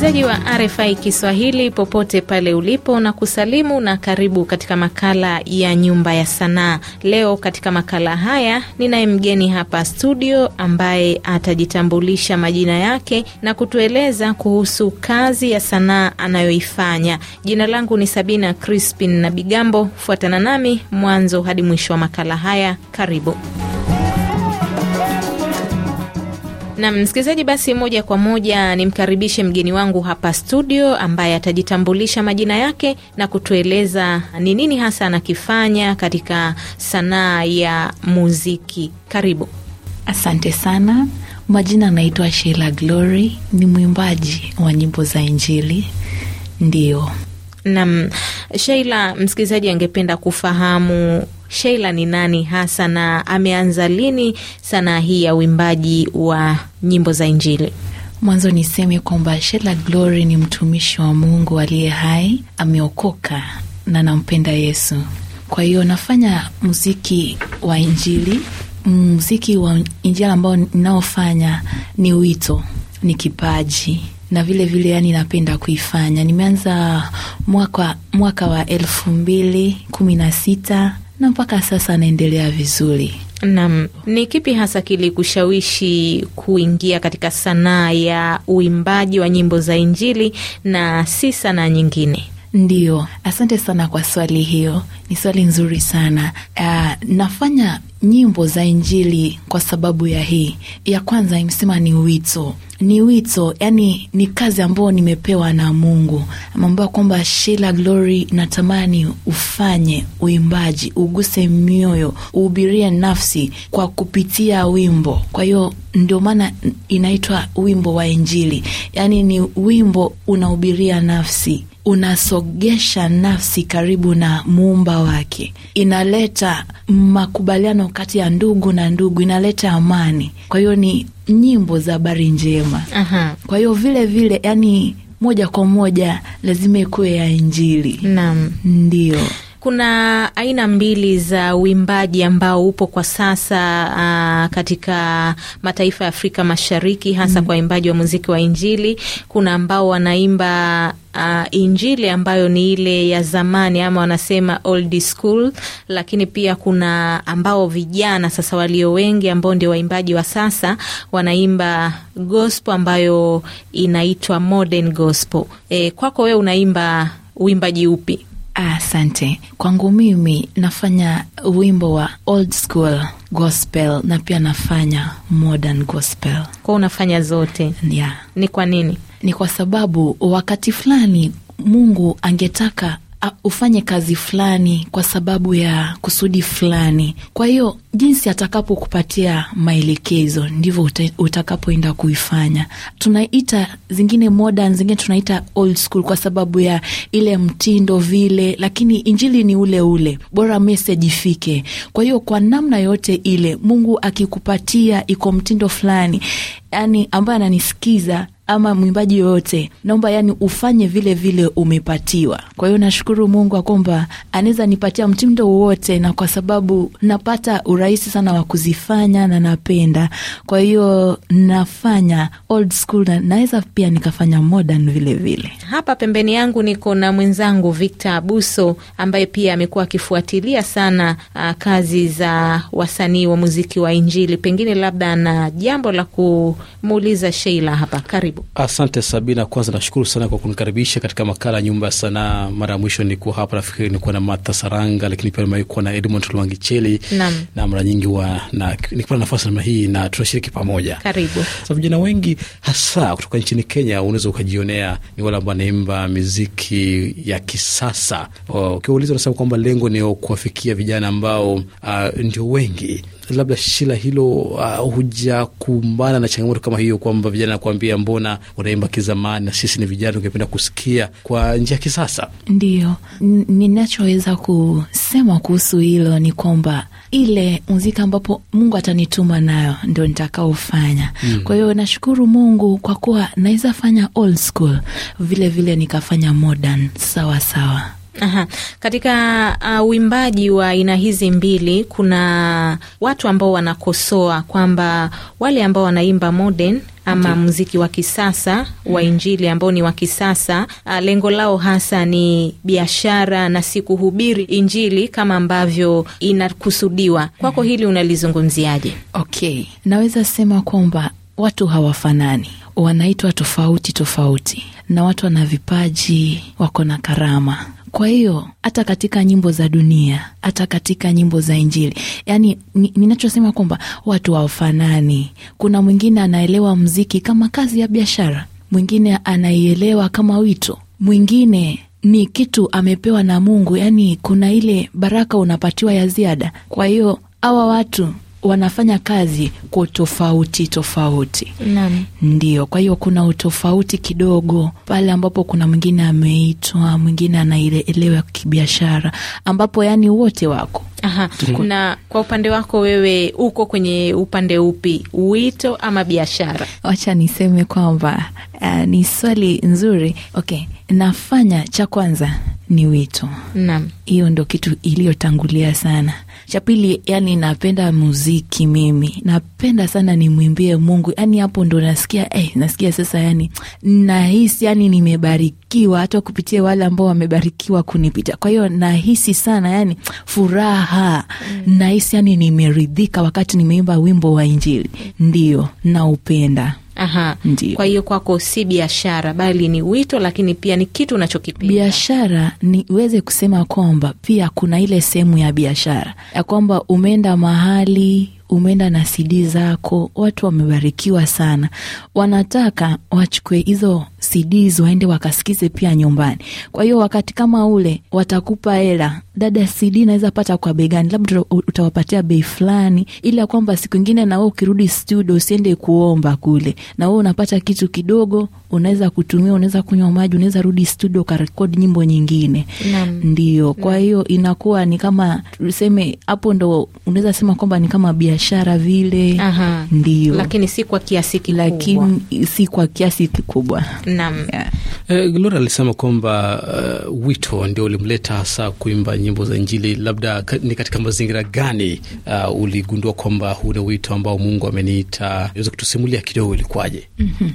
Msikilizaji wa RFI Kiswahili popote pale ulipo, na kusalimu na karibu katika makala ya nyumba ya sanaa. Leo katika makala haya ninaye mgeni hapa studio ambaye atajitambulisha majina yake na kutueleza kuhusu kazi ya sanaa anayoifanya. Jina langu ni Sabina Crispin na Bigambo. Fuatana nami mwanzo hadi mwisho wa makala haya. Karibu. Nam msikilizaji, basi moja kwa moja nimkaribishe mgeni wangu hapa studio, ambaye atajitambulisha majina yake na kutueleza ni nini hasa anakifanya katika sanaa ya muziki. Karibu. Asante sana. Majina anaitwa Sheila Glory, ni mwimbaji wa nyimbo za Injili. ndio Nam Sheila, msikilizaji angependa kufahamu Sheila ni nani hasa na ameanza lini sanaa hii ya uimbaji wa nyimbo za Injili? Mwanzo niseme kwamba Sheila Glory ni mtumishi wa Mungu aliye hai, ameokoka na nampenda Yesu. Kwa hiyo nafanya muziki wa Injili. Muziki wa Injili ambao ninaofanya ni wito, ni kipaji na vile vile, yani napenda kuifanya. Nimeanza mwaka, mwaka wa elfu mbili kumi na sita na mpaka sasa anaendelea vizuri. Naam, ni kipi hasa kilikushawishi kuingia katika sanaa ya uimbaji wa nyimbo za Injili na si sanaa nyingine? ndio asante sana kwa swali hiyo. Ni swali nzuri sana. Uh, nafanya nyimbo za Injili kwa sababu ya hii ya kwanza, imesema ni wito ni wito yani, ni kazi ambayo nimepewa na Mungu, ameambia kwamba Sheila Glory, natamani ufanye uimbaji, uguse mioyo, uhubirie nafsi kwa kupitia wimbo. Kwa hiyo ndio maana inaitwa wimbo wa Injili, yani ni wimbo unahubiria nafsi unasogesha nafsi karibu na muumba wake, inaleta makubaliano kati ya ndugu na ndugu, inaleta amani. Kwa hiyo ni nyimbo za habari njema. Aha. Kwa hiyo vile vile, yani moja kwa moja lazima ikuwe ya Injili. Naam, ndio. Kuna aina mbili za uimbaji ambao upo kwa sasa uh, katika mataifa ya Afrika Mashariki hasa mm. kwa waimbaji wa muziki wa Injili. Kuna ambao wanaimba Uh, Injili ambayo ni ile ya zamani ama wanasema old school, lakini pia kuna ambao vijana sasa walio wengi ambao ndio waimbaji wa sasa wanaimba gospel ambayo inaitwa modern gospel. E, kwako wewe unaimba uimbaji upi? Asante. Kwangu mimi nafanya wimbo wa old school gospel na pia nafanya modern gospel. Kwa unafanya zote? Yeah. Ni kwa nini? Ni kwa sababu wakati fulani Mungu angetaka ufanye kazi fulani kwa sababu ya kusudi fulani. Kwa hiyo jinsi atakapokupatia maelekezo ndivyo utakapoenda kuifanya. Tunaita zingine modern, zingine tunaita old school kwa sababu ya ile mtindo vile, lakini injili ni ule ule, bora message ifike. Kwa hiyo kwa namna yote ile Mungu akikupatia iko mtindo fulani, yani ambaye ananisikiza ama mwimbaji yoyote, naomba yani ufanye vile vile umepatiwa. Kwa hiyo nashukuru Mungu kwamba anaweza nipatia mtindo wowote, na kwa sababu napata urahisi sana wa kuzifanya na napenda, kwa hiyo nafanya old school na naweza pia nikafanya modern vile vile. Hapa pembeni yangu niko na mwenzangu Victor Abuso ambaye pia amekuwa akifuatilia sana uh, kazi za wasanii wa muziki wa Injili. Pengine labda na jambo la kumuuliza Sheila hapa, karibu. Asante Sabina, kwanza nashukuru sana kwa kunikaribisha katika makala ya Nyumba ya Sanaa. Mara ya mwisho nilikuwa hapa nafikiri nilikuwa na Martha Saranga, lakini pia nimewahi na Edmond Lwangicheli na mara nyingi wa na, nikipata nafasi namna hii na tunashiriki pamoja. Karibu sa vijana wengi hasa kutoka nchini Kenya unaweza ukajionea ni wale ambao wanaimba miziki ya kisasa. Ukiwauliza unasema kwamba lengo ni kuwafikia vijana ambao uh, ndio wengi labda shila hilo uh, huja kumbana na changamoto kama hiyo kwamba vijana nakuambia mbona vijana wanaimba kizamani, na sisi ni vijana tungependa kusikia kwa njia ya kisasa. Ndiyo ninachoweza kusema kuhusu hilo ni kwamba ile muziki ambapo Mungu atanituma nayo ndo nitakaofanya. Mm. Kwa hiyo nashukuru Mungu kwa kuwa naweza fanya old school vilevile vile nikafanya modern sawasawa sawa. Aha. Katika uh, uimbaji wa aina hizi mbili kuna watu ambao wanakosoa kwamba wale ambao wanaimba modern ama muziki wa kisasa wa mm. Injili ambao ni wa kisasa, uh, lengo lao hasa ni biashara na si kuhubiri Injili kama ambavyo inakusudiwa. Kwako mm. hili unalizungumziaje? Okay, naweza sema kwamba watu hawafanani, wanaitwa tofauti tofauti, na watu wana vipaji, wako na karama kwa hiyo hata katika nyimbo za dunia, hata katika nyimbo za Injili, yani ninachosema kwamba watu hawafanani. Kuna mwingine anaelewa mziki kama kazi ya biashara, mwingine anaielewa kama wito, mwingine ni kitu amepewa na Mungu, yani kuna ile baraka unapatiwa ya ziada. Kwa hiyo hawa watu wanafanya kazi kwa tofauti tofauti. Naam. Ndio, kwa hiyo kuna utofauti kidogo pale ambapo kuna mwingine ameitwa, mwingine anaelewa kibiashara, ambapo yani wote wako Aha. Na kwa upande wako wewe uko kwenye upande upi, wito ama biashara? Wacha niseme kwamba uh, ni swali nzuri. Okay, nafanya cha kwanza ni wito. hiyo ndo kitu iliyotangulia sana. Cha pili, yani napenda muziki mimi, napenda sana nimwimbie Mungu. Yani hapo ndo nasikia eh, nasikia sasa, yani nahisi yani nimebarikiwa, hata kupitia wale ambao wamebarikiwa kunipita. Kwa hiyo nahisi sana yani furaha mm. Nahisi yani nimeridhika wakati nimeimba wimbo wa Injili, ndio naupenda. Aha. Ndiyo. Kwa hiyo kwako si biashara bali ni wito, lakini pia ni kitu unachokipenda. Biashara niweze kusema kwamba pia kuna ile sehemu ya biashara ya kwamba umeenda mahali umeenda na CD zako, watu wamebarikiwa sana, wanataka wachukue hizo CDs waende wakasikize pia nyumbani. Kwa hiyo wakati kama ule watakupa hela dada, CD naweza pata kwa bei gani? Labda utawapatia bei fulani, ila kwamba siku ingine na wewe ukirudi studio usiende kuomba kule, na wewe unapata kitu kidogo, unaweza kutumia, unaweza kunywa maji, unaweza rudi studio ukarekodi nyimbo nyingine. Ndio, kwa hiyo inakuwa ni kama tuseme, hapo ndo unaweza sema kwamba ni kama biashara vile. Ndio, lakini si kwa kiasi kikubwa, lakini si kwa kiasi kikubwa. Naam, yeah. Eh, Gloria alisema kwamba uh, wito ndio ulimleta hasa kuimba nyimbo za Injili. Labda ni katika mazingira gani uh, uligundua kwamba huna wito ambao Mungu ameniita? Unaweza kutusimulia kidogo ilikuwaje? mm -hmm.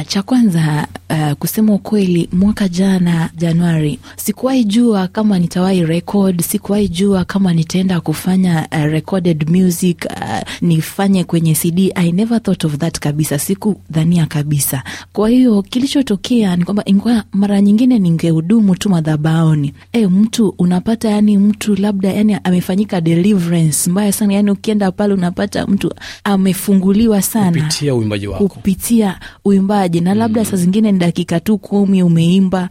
Uh, cha kwanza uh, kusema ukweli, mwaka jana Januari sikuwahi jua kama nitawahi record, sikuwahi jua kama nitaenda kufanya uh, recorded music uh, nifanye kwenye CD. I never thought of that kabisa, sikudhania kabisa. Kwa hiyo kilichotokea ni kwamba ingawa mara nyingine ningehudumu tu madhabaoni, e, mtu unapata yani, mtu labda yani amefanyika deliverance mbaya sana, yani ukienda pale unapata mtu amefunguliwa sana kupitia uimbaji wako, kupitia uimbaji na labda mm. saa zingine ni dakika tu kumi umeimba,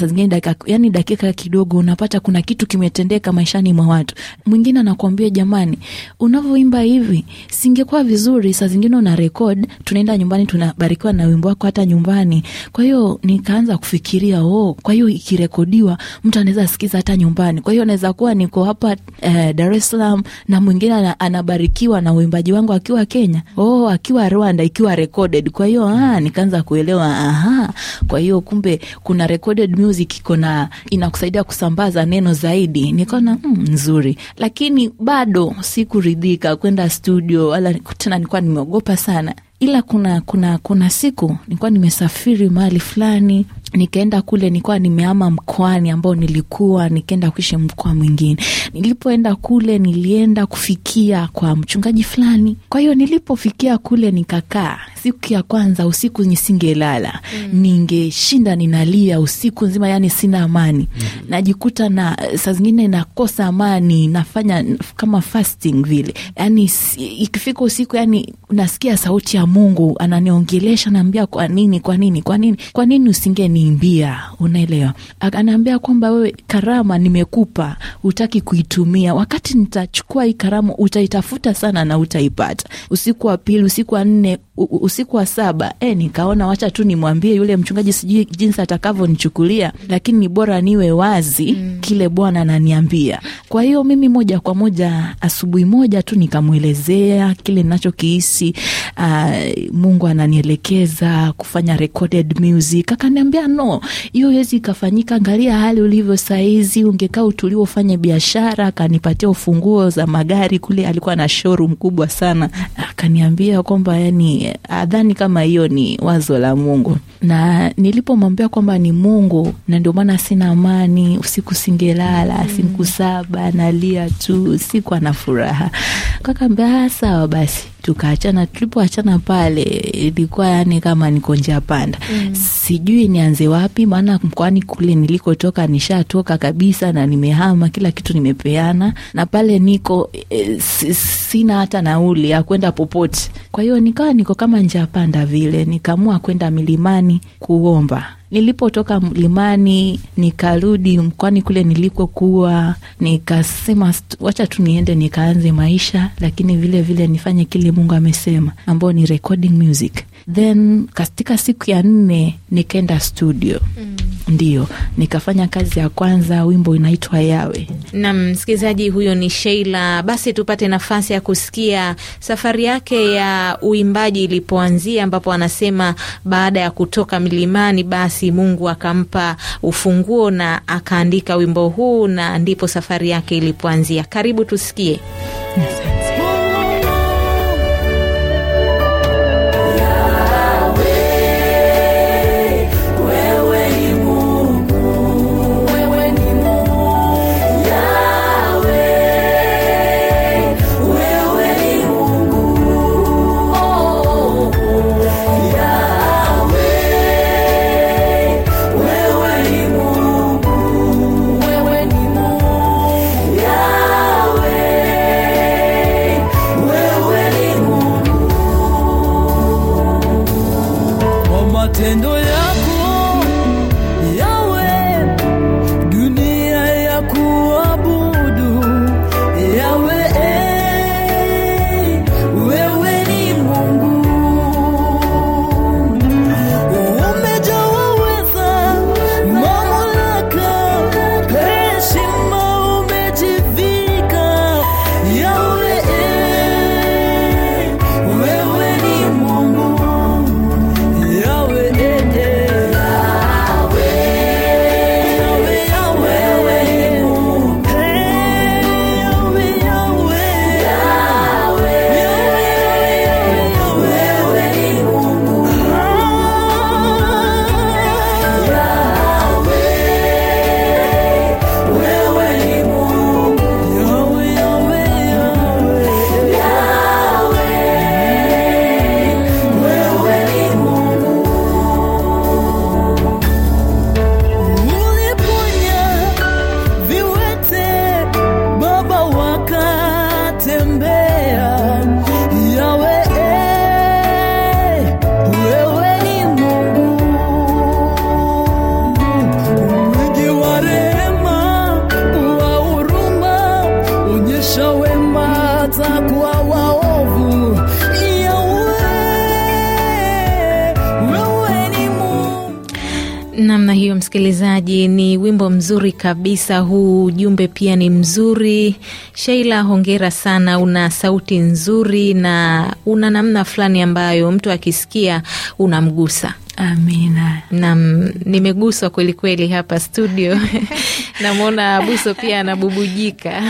saa zingine dakika, yani dakika kidogo, unapata kuna kitu kimetendeka maishani mwa watu. Mwingine anakuambia jamani, unavyoimba hivi singekuwa vizuri, saa zingine una rekod, tunaenda nyumbani tunabarikiwa na wimbo wako hata nyumbani kwa hiyo nikaanza kufikiria oh, kwa hiyo ikirekodiwa mtu anaweza sikiza hata nyumbani. Kwa hiyo naweza kuwa niko hapa eh, Dar es Salaam na mwingine anabarikiwa na uimbaji wangu akiwa Kenya, oh, akiwa Rwanda, ikiwa recorded. Kwa hiyo ah, nikaanza kuelewa aha, kwa hiyo kumbe kuna recorded music iko na inakusaidia kusambaza neno zaidi. Nikaona mm, nzuri, lakini bado sikuridhika kwenda studio wala tena, nilikuwa nimeogopa sana ila kuna kuna kuna siku nilikuwa nimesafiri mahali fulani Nikaenda kule nikuwa nimeama mkoani ambao nilikuwa nikaenda kuishi mkoa mwingine. Nilipoenda kule nilienda kufikia kwa mchungaji fulani. Kwa hiyo nilipofikia kule nikakaa, siku ya kwanza usiku nisingelala mm. Ningeshinda ninalia usiku nzima, yani sina amani mm. Najikuta na saa zingine nakosa amani, nafanya kama fasting vile, yani ikifika usiku, yani nasikia sauti ya Mungu ananiongelesha, naambia kwa nini, kwa nini, kwa nini, kwa nini usinge ameniimbia, unaelewa. Anaambia kwamba wewe karama nimekupa, utaki kuitumia. Wakati nitachukua hii karama utaitafuta sana na utaipata. Usiku wa pili, usiku wa nne, usiku wa saba e, nikaona wacha tu nimwambie yule mchungaji, sijui jinsi atakavyonichukulia, lakini ni bora niwe wazi mm. kile Bwana ananiambia. Kwa hiyo mimi moja kwa moja asubuhi moja tu nikamwelezea kile nachokihisi, uh, Mungu ananielekeza kufanya recorded music. Akaniambia no, hiyo wezi ikafanyika, angalia hali ulivyo saizi, ungekaa utulio ufanye biashara. Akanipatia ufunguo za magari kule, alikuwa na showroom kubwa sana, akaniambia kwamba yani mimi adhani kama hiyo ni wazo la Mungu, na nilipomwambia kwamba ni Mungu na ndio maana sina amani usiku, singelala mm. siku saba nalia tu, siku ana furaha kakambia, ah, sawa basi tukaachana. Tulipoachana pale ilikuwa yani kama niko njia panda mm. Sijui nianze wapi, maana mkoani kule nilikotoka nishatoka kabisa na nimehama kila kitu, nimepeana na pale niko e, sina hata nauli ya kwenda popote. Kwa hiyo nikawa niko kama njia panda vile, nikaamua kwenda milimani kuomba Nilipotoka mlimani nikarudi mkoani kule nilikokuwa, nikasema wacha tu niende nikaanze maisha, lakini vilevile vile nifanye kile Mungu amesema, ambao ni recording music. Then katika siku ya nne nikaenda studio mm. Ndio nikafanya kazi ya kwanza, wimbo inaitwa Yawe. Nam msikilizaji huyo ni Sheila. Basi tupate nafasi ya kusikia safari yake ya uimbaji ilipoanzia, ambapo anasema baada ya kutoka milimani, basi Mungu akampa ufunguo na akaandika wimbo huu, na ndipo safari yake ilipoanzia. Karibu tusikie. Yes. msikilizaji, ni wimbo mzuri kabisa huu, ujumbe pia ni mzuri. Sheila, hongera sana, una sauti nzuri na una namna fulani ambayo mtu akisikia unamgusa. Amina. Nam, nimeguswa kweli kweli hapa studio namwona Abuso pia anabubujika.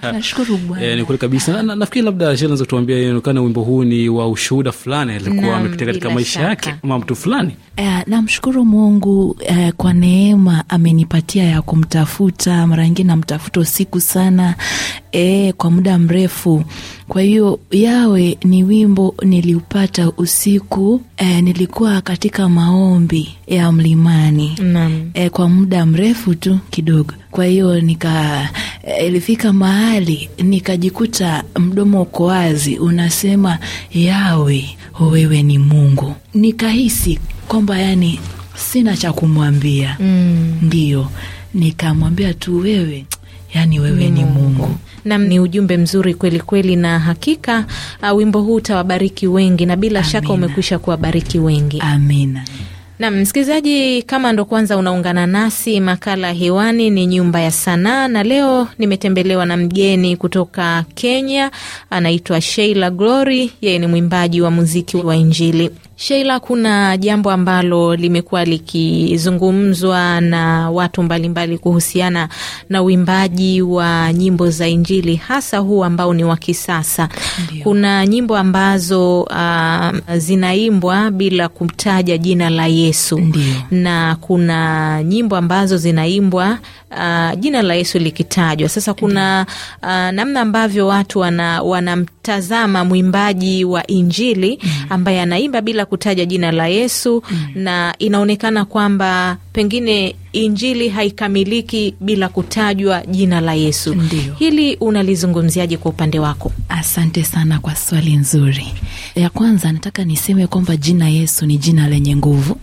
Tunashukuru Bwana. Eh, ni kweli kabisa. Na, nafikiri labda Shela anaweza kutuambia inaonekana wimbo huu ni wa ushuhuda fulani alikuwa amepitia katika maisha yake ama mtu fulani. E, namshukuru Mungu e, kwa neema amenipatia ya kumtafuta. Mara nyingine namtafuta usiku sana e, kwa muda mrefu kwa hiyo yawe ni wimbo niliupata usiku e, nilikuwa katika maombi ya mlimani e, kwa muda mrefu tu kidogo. Kwa hiyo nika e, ilifika mahali nikajikuta mdomo uko wazi unasema, yawe wewe ni Mungu. Nikahisi kwamba yani sina cha kumwambia mm. Ndiyo nikamwambia tu wewe, yani wewe mm. ni Mungu Nam, ni ujumbe mzuri kweli kweli, na hakika uh, wimbo huu utawabariki wengi na bila Amina. shaka umekwisha kuwabariki wengi. Amina. Nam msikilizaji, kama ndo kwanza unaungana nasi, makala hewani ni Nyumba ya Sanaa, na leo nimetembelewa na mgeni kutoka Kenya, anaitwa Sheila Glory. Yeye ni mwimbaji wa muziki wa Injili. Sheila, kuna jambo ambalo limekuwa likizungumzwa na watu mbalimbali mbali kuhusiana na uimbaji wa nyimbo za Injili, hasa huu ambao ni wa kisasa. Kuna nyimbo ambazo uh, zinaimbwa bila kumtaja jina la Yesu. Ndiyo. na kuna nyimbo ambazo zinaimbwa uh, jina la Yesu likitajwa. Sasa kuna uh, namna ambavyo watu wana, wanamtazama mwimbaji wa Injili mm. ambaye anaimba bila kutaja jina la Yesu mm. na inaonekana kwamba pengine Injili haikamiliki bila kutajwa jina la Yesu. Ndiyo. Hili unalizungumziaje kwa upande wako? Asante sana kwa swali nzuri. Ya kwanza nataka niseme kwamba jina Yesu ni jina lenye nguvu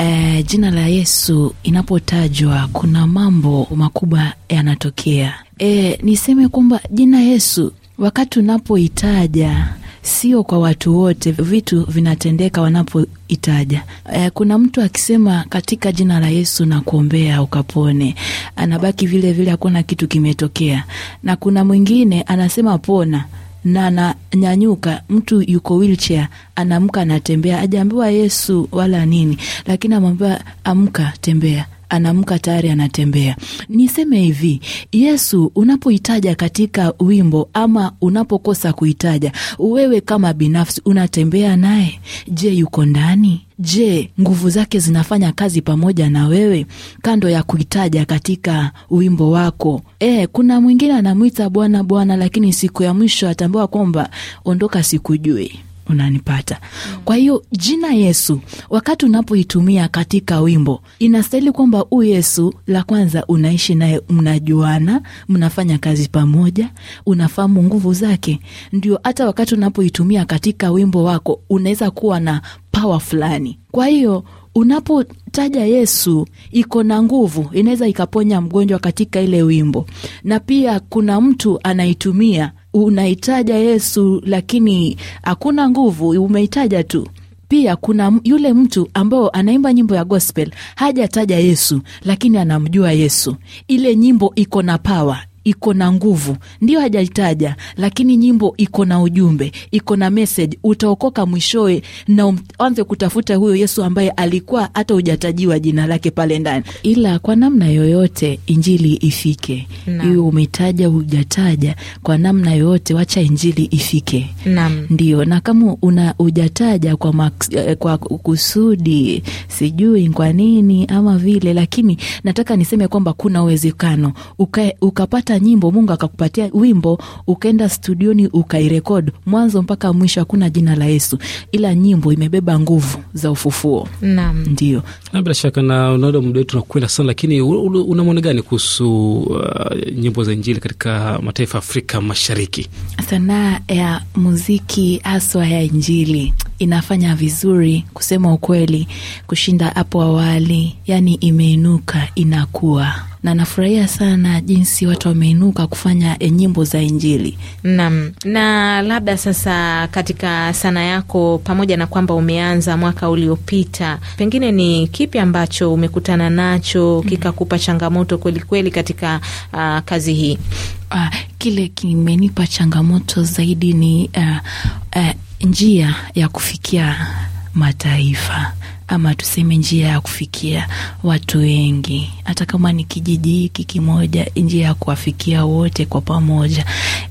e, jina la Yesu inapotajwa kuna mambo makubwa yanatokea. E, niseme kwamba jina Yesu wakati unapoitaja sio kwa watu wote, vitu vinatendeka wanapoitaja. E, kuna mtu akisema katika jina la Yesu na kuombea ukapone, anabaki vile vile, hakuna kitu kimetokea, na kuna mwingine anasema pona na ananyanyuka, mtu yuko wheelchair, anaamka anatembea, ajaambiwa Yesu wala nini, lakini amwambiwa amka, tembea anamka tayari anatembea. Niseme hivi, Yesu unapoitaja katika wimbo ama unapokosa kuitaja, wewe kama binafsi unatembea naye, je, yuko ndani? Je, nguvu zake zinafanya kazi pamoja na wewe, kando ya kuitaja katika wimbo wako? E, kuna mwingine anamwita Bwana Bwana, lakini siku ya mwisho atambua kwamba ondoka, sikujui unanipata. Kwa hiyo jina Yesu, wakati unapoitumia katika wimbo, inastahili kwamba huu Yesu, la kwanza, unaishi naye, mnajuana, mnafanya kazi pamoja, unafahamu nguvu zake. Ndio hata wakati unapoitumia katika wimbo wako unaweza kuwa na pawa fulani. Kwa hiyo unapotaja Yesu iko na nguvu, inaweza ikaponya mgonjwa katika ile wimbo, na pia kuna mtu anaitumia unaitaja Yesu lakini hakuna nguvu, umeitaja tu. Pia kuna yule mtu ambao anaimba nyimbo ya gospel hajataja Yesu, lakini anamjua Yesu. Ile nyimbo iko na pawa, iko na nguvu, ndio hajaitaja, lakini nyimbo iko na ujumbe, iko na message. Utaokoka mwishowe na um, uanze kutafuta huyo Yesu ambaye alikuwa hata hujatajiwa jina lake pale ndani, ila kwa namna yoyote injili ifike. Hiyo umetaja hujataja, kwa namna yoyote wacha injili ifike, ndio. Na kama una hujataja kwa, maks, eh, kwa kusudi, sijui kwa nini ama vile, lakini nataka niseme kwamba kuna uwezekano ukapata ukipata nyimbo, Mungu akakupatia wimbo, ukaenda studioni ukairekod mwanzo mpaka mwisho, hakuna jina la Yesu, ila nyimbo imebeba nguvu za ufufuo. Naam, ndio na bila shaka, na unaona muda wetu unakwenda sana, lakini una maoni gani kuhusu uh, nyimbo za Injili katika mataifa ya Afrika Mashariki, sanaa ya muziki haswa ya Injili? inafanya vizuri kusema ukweli kushinda hapo awali, yani imeinuka inakuwa na nafurahia sana jinsi watu wameinuka kufanya e, nyimbo za Injili. Naam, na labda sasa, katika sanaa yako, pamoja na kwamba umeanza mwaka uliopita, pengine ni kipi ambacho umekutana nacho mm-hmm. kikakupa changamoto kwelikweli kweli katika uh, kazi hii? Uh, kile kimenipa changamoto zaidi ni uh, uh, njia ya kufikia mataifa ama tuseme njia ya kufikia watu wengi, hata kama ni kijiji hiki kimoja, njia ya kuwafikia wote kwa pamoja,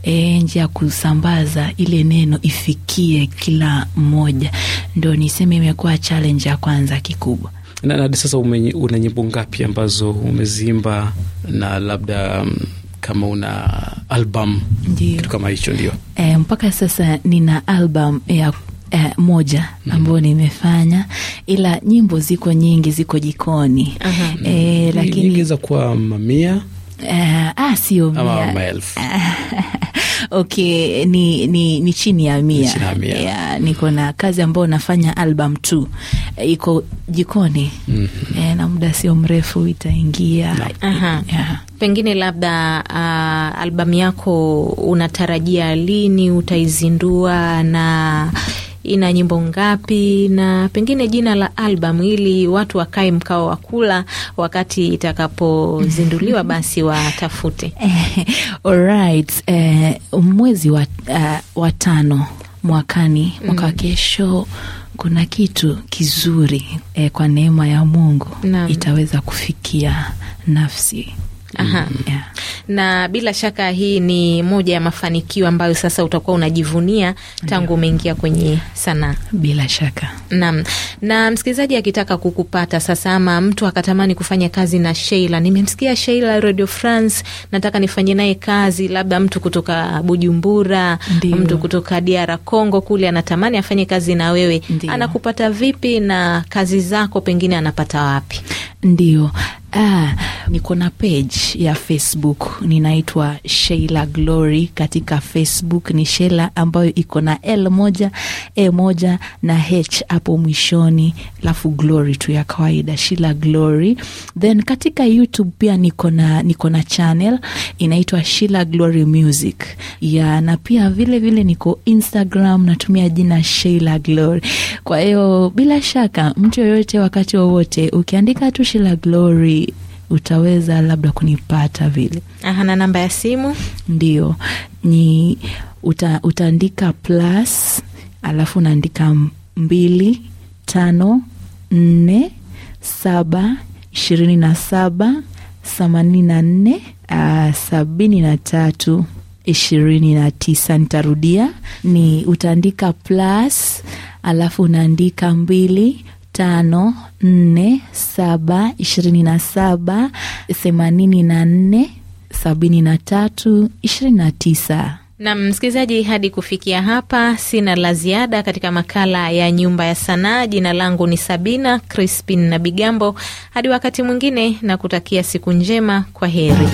e, njia ya kusambaza ile neno ifikie kila mmoja, ndo niseme imekuwa challenge ya kwanza kikubwa. Na hadi sasa una nyimbo ngapi ambazo umeziimba na labda um kama una album kitu kama hicho ndio. E, mpaka sasa nina album ya e, moja mhm. ambayo nimefanya, ila nyimbo ziko nyingi, ziko jikoni eh, lakini nyingi za kwa mamia eh, ah, sio mia Okay, ni, ni, ni chini ya mia, mia. Yeah, niko na kazi ambayo nafanya album tu eh, iko jikoni mm -hmm. E, na muda sio mrefu itaingia Pengine labda uh, ah, albamu yako unatarajia lini utaizindua na ina nyimbo ngapi na pengine jina la albam ili watu wakae mkao wa kula wakati itakapozinduliwa basi watafute. Alright, eh, mwezi wa, uh, wa tano mwakani mm. mwaka wa kesho kuna kitu kizuri eh, kwa neema ya Mungu itaweza kufikia nafsi Aha. Mm-hmm. Yeah. Na bila shaka hii ni moja ya mafanikio ambayo sasa utakuwa unajivunia tangu umeingia kwenye sanaa. Bila shaka. Naam. Na msikilizaji akitaka kukupata sasa ama mtu akatamani kufanya kazi na Sheila. Nimemsikia Sheila Radio France, nataka nifanye naye kazi, labda mtu kutoka Bujumbura, Ndiyo. mtu kutoka DR Congo kule anatamani afanye kazi na wewe. Ndiyo. Anakupata vipi na kazi zako pengine anapata wapi? Ndio. Ah, niko na page ya Facebook ninaitwa Sheila Glory. Katika Facebook ni Sheila ambayo iko na L moja E moja na H hapo mwishoni, alafu Glory tu ya kawaida, Sheila Glory. Then katika YouTube pia niko na niko na channel inaitwa Sheila Glory Music ya, na pia vile vile niko Instagram natumia jina Sheila Glory. Kwa hiyo bila shaka mtu yoyote, wakati wowote, ukiandika tu Sheila Glory utaweza labda kunipata vile. Aha, na namba ya simu ndio ni uta, utaandika plus alafu unaandika mbili tano nne saba ishirini na saba themanini na nne uh, sabini na tatu ishirini na tisa. Nitarudia, ni utaandika plus alafu unaandika mbili tano nne saba ishirini na saba themanini na nne sabini na tatu ishirini na tisa. Na msikilizaji, hadi kufikia hapa sina la ziada katika makala ya Nyumba ya Sanaa. Jina langu ni Sabina Crispin na Bigambo. Hadi wakati mwingine, na kutakia siku njema. Kwa heri.